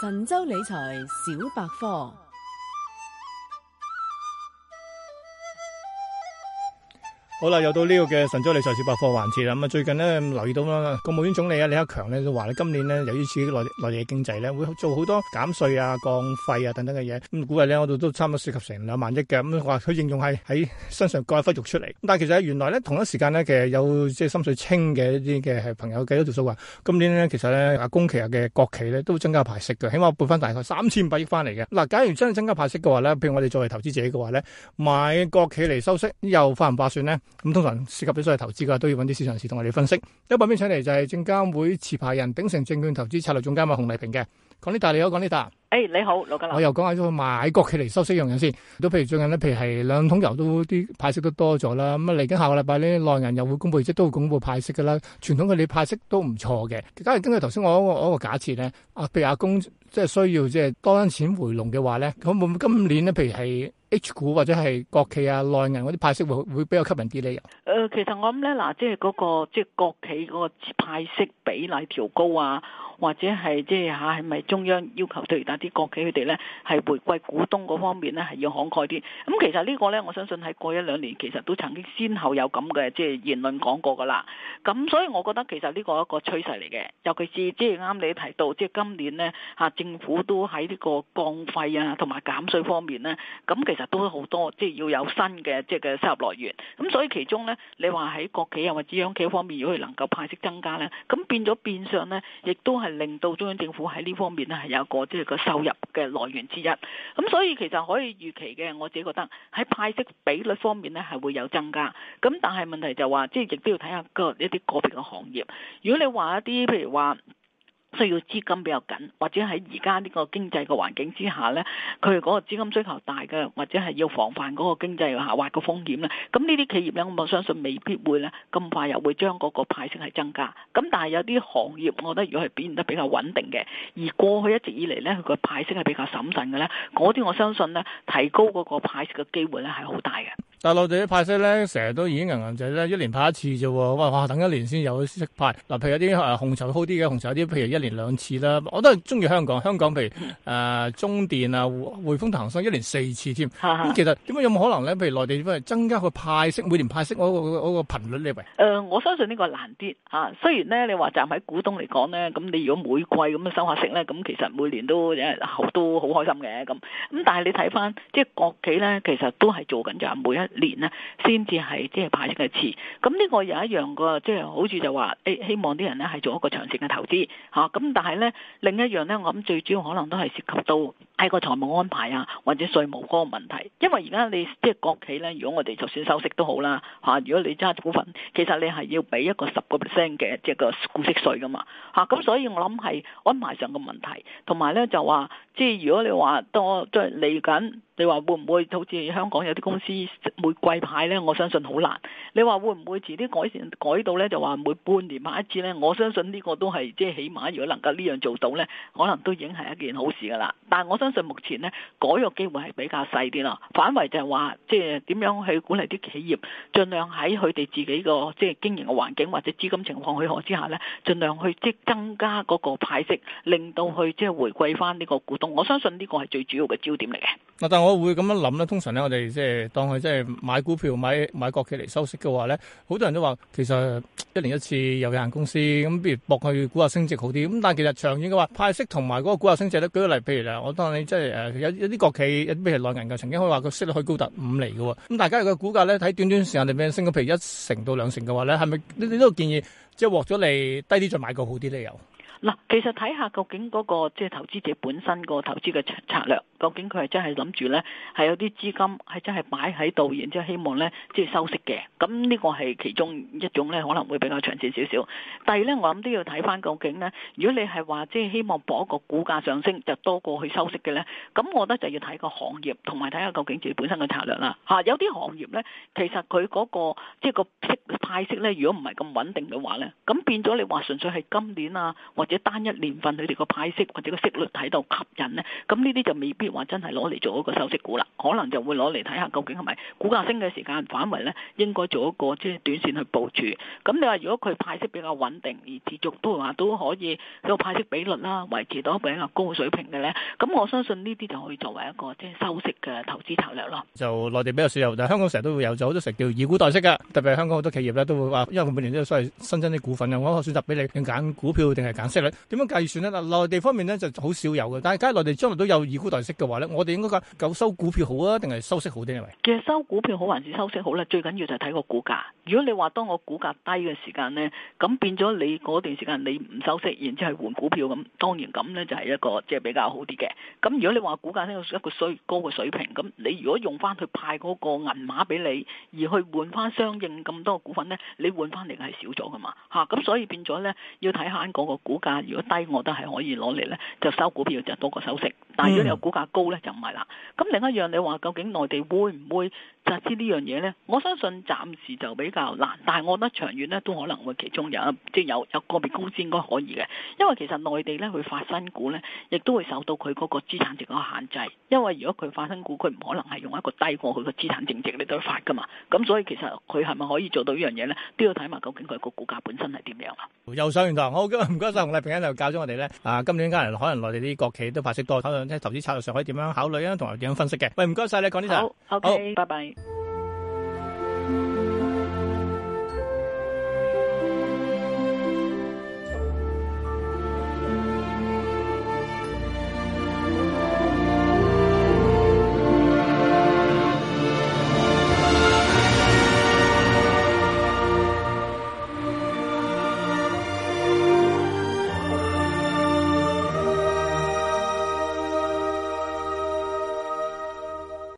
神州理財小百科。好啦，又到呢個嘅神州理財小百科環節啦。咁啊，最近咧留意到啦，國務院總理啊李克強咧就話咧，今年咧由於刺激內內地嘅經濟咧，會做好多減稅啊、降費啊等等嘅嘢。咁估計咧，我哋都差唔多涉及成兩萬億嘅。咁話佢應用係喺身上割一忽肉出嚟，但係其實原來咧，同一時間咧，其實有即係心水清嘅一啲嘅係朋友幾多條數話、啊，今年咧其實咧，阿公企啊嘅國企咧都增加，增加派息嘅，起碼撥翻大概三千五百億翻嚟嘅。嗱，假如真係增加派息嘅話咧，譬如我哋作為投資者嘅話咧，買國企嚟收息又劃唔劃算咧？咁通常涉及啲所謂投資嘅，都要搵啲市場人士同我哋分析。一百面上嚟就係證監會持牌人鼎誠證券投資策略總監啊熊麗萍嘅，講呢得你好講呢得？誒你好，老吉、哎、我又講一下咗買國企嚟收息用先。都譬如最近呢，譬如係兩桶油都啲派息都多咗啦。咁啊嚟緊下個禮拜呢，內銀又會公布業績，都會公布派息噶啦。傳統嘅你派息都唔錯嘅。假如根據頭先我我個假設咧，阿譬如阿公即係需要即係多啲錢回籠嘅話咧，咁會唔會今年咧譬如係？H 股或者係國企啊、內銀嗰啲派息會會比較吸引啲咧？誒、呃，其實我諗咧，嗱、那個，即係嗰個即係國企嗰個派息比例調高啊。或者係即係嚇係咪中央要求特別嗱啲國企佢哋咧係回歸股東嗰方面咧係要慷慨啲，咁其實呢個咧，我相信喺過一兩年其實都曾經先後有咁嘅即係言論講過㗎啦，咁所以我覺得其實呢個一個趨勢嚟嘅。尤其是即係啱你提到即係今年咧，嚇政府都喺呢個降費啊同埋減稅方面咧，咁其實都好多即係要有新嘅即係嘅收入來源，咁所以其中咧，你話喺國企又或者央企方面如果佢能夠派息增加咧，咁變咗變相咧亦都係令到中央政府喺呢方面咧，係有個即係、就是、個收入嘅來源之一，咁所以其實可以預期嘅，我自己覺得喺派息比率方面咧，係會有增加，咁但係問題就話、是，即係亦都要睇下個一啲個別嘅行業。如果你話一啲譬如話。需要資金比較緊，或者喺而家呢個經濟嘅環境之下呢，佢嗰個資金需求大嘅，或者係要防範嗰個經濟下滑嘅風險咧，咁呢啲企業呢，我相信未必會呢咁快又會將嗰個派息係增加。咁但係有啲行業，我覺得如果係表現得比較穩定嘅，而過去一直以嚟呢，佢個派息係比較審慎嘅呢，嗰啲我相信呢，提高嗰個派息嘅機會呢，係好大嘅。但內地啲派息咧，成日都已經銀銀仔咧，一年派一次啫喎，哇哇等一年先有息派。嗱，譬如有啲誒紅籌好啲嘅紅籌有啲，譬如一年兩次啦。我都係中意香港，香港譬如誒、呃、中電啊、匯豐、騰訊，一年四次添。咁其實點解有冇可能咧？譬如內地點解增加個派息，每年派息嗰個嗰個頻率咧？誒、呃，我相信呢個難啲嚇、啊。雖然咧，你話站喺股東嚟講咧，咁你如果每季咁樣收下息咧，咁其實每年都都好開心嘅咁。咁但係你睇翻即係國企咧，其實都係做緊就每一年呢先至係即係派息嘅次。咁呢個有一樣個，即係好似就話誒，希望啲人呢係做一個長線嘅投資嚇。咁但係呢，另一樣呢，我諗最主要可能都係涉及到喺個財務安排啊，或者稅務嗰個問題。因為而家你即係國企呢，如果我哋就算收息都好啦嚇，如果你揸股份，其實你係要俾一個十個 percent 嘅即係個股息稅噶嘛嚇。咁所以我諗係安排上嘅問題，同埋呢，就話即係如果你話多即係嚟緊，你話會唔會好似香港有啲公司？每季派咧，我相信好難。你話會唔會遲啲改善改到咧，就話每半年買一次咧？我相信呢個都係即係起碼，如果能夠呢樣做到咧，可能都已經係一件好事噶啦。但係我相信目前咧，改個機會係比較細啲啦。反為就係話，即係點樣去管理啲企業，盡量喺佢哋自己個即係經營嘅環境或者資金情況許可之下咧，盡量去即係增加嗰個派息，令到去即係回饋翻呢個股東。我相信呢個係最主要嘅焦點嚟嘅。嗱，但係我會咁樣諗咧。通常咧，我哋即係當佢即係買股票、買買國企嚟收息嘅話咧，好多人都話其實一年一次有有限公司咁，不如搏佢股價升值好啲。咁但係其實長遠嘅話，派息同埋嗰個股價升值咧，舉個例，譬如咧，我當你即係誒有有啲國企，有啲譬如內銀嘅曾經可以話個息率可以高達五厘嘅，咁大家個股價咧喺短短時間裏邊升到，譬如一成到兩成嘅話咧，係咪你你都建議即係、就是、獲咗嚟低啲再買個好啲咧？又嗱，其實睇下究竟嗰、那個即係、就是、投資者本身個投資嘅策略。究竟佢係真係諗住呢？係有啲資金係真係擺喺度，然之後希望呢即係收息嘅。咁呢個係其中一種呢，可能會比較長線少少。第二呢，我諗都要睇翻究竟呢。如果你係話即係希望博一個股價上升，就多過去收息嘅呢，咁我覺得就要睇個行業，同埋睇下究竟自己本身嘅策略啦。嚇，有啲行業呢，其實佢嗰個即係個息派息呢，如果唔係咁穩定嘅話呢，咁變咗你話純粹係今年啊，或者單一年份佢哋個派息或者個息率喺度吸引呢。咁呢啲就未必。話真係攞嚟做一個收息股啦，可能就會攞嚟睇下究竟係咪股價升嘅時間反為咧，應該做一個即係短線去部署。咁你話如果佢派息比較穩定而持續，都話都可以個派息比率啦維持到比較高嘅水平嘅咧，咁我相信呢啲就可以作為一個即係收息嘅投資策略咯。就內地比較少有，但係香港成日都會有，就好多成叫以股代息嘅，特別係香港好多企業咧都會話，因為佢每年都有所謂新增啲股份嘅，我一個選擇俾你，你揀股票定係揀息率？點樣計算咧？嗱，內地方面咧就好少有嘅，但係假如內地將來都有以股代息，嘅話咧，我哋應該揀究竟收股票好啊，定係收息好啲咪？其實收股票好還是收息好咧？最緊要就係睇個股價。如果你話當我股價低嘅時間呢，咁變咗你嗰段時間你唔收息，然之後換股票咁，當然咁呢，就係一個即係比較好啲嘅。咁如果你話股價呢，一個衰高嘅水平，咁你如果用翻佢派嗰個銀碼俾你，而去換翻相應咁多股份呢，你換翻嚟係少咗噶嘛嚇。咁所以變咗呢，要睇下嗰個股價如果低，我都係可以攞嚟呢，就收股票就多個收息。但係如果你有股價高呢，就唔係啦。咁另一樣你話究竟內地會唔會？集資呢樣嘢咧，我相信暫時就比較難，但係我覺得長遠咧都可能會其中有，即係有有個別公司應該可以嘅。因為其實內地咧去發新股咧，亦都會受到佢嗰個資產淨額限制。因為如果佢發新股，佢唔可能係用一個低過佢個資產淨值嚟到發㗎嘛。咁所以其實佢係咪可以做到呢樣嘢咧？都要睇埋究竟佢個股價本身係點樣啊。又上完堂，好嘅，唔該曬熊麗萍喺度教咗我哋咧。啊，今年間可能內地啲國企都發息多，討論啲投資策略上可以點樣考慮啊，同埋點樣分析嘅。喂，唔該曬你，講啲就 OK，拜拜。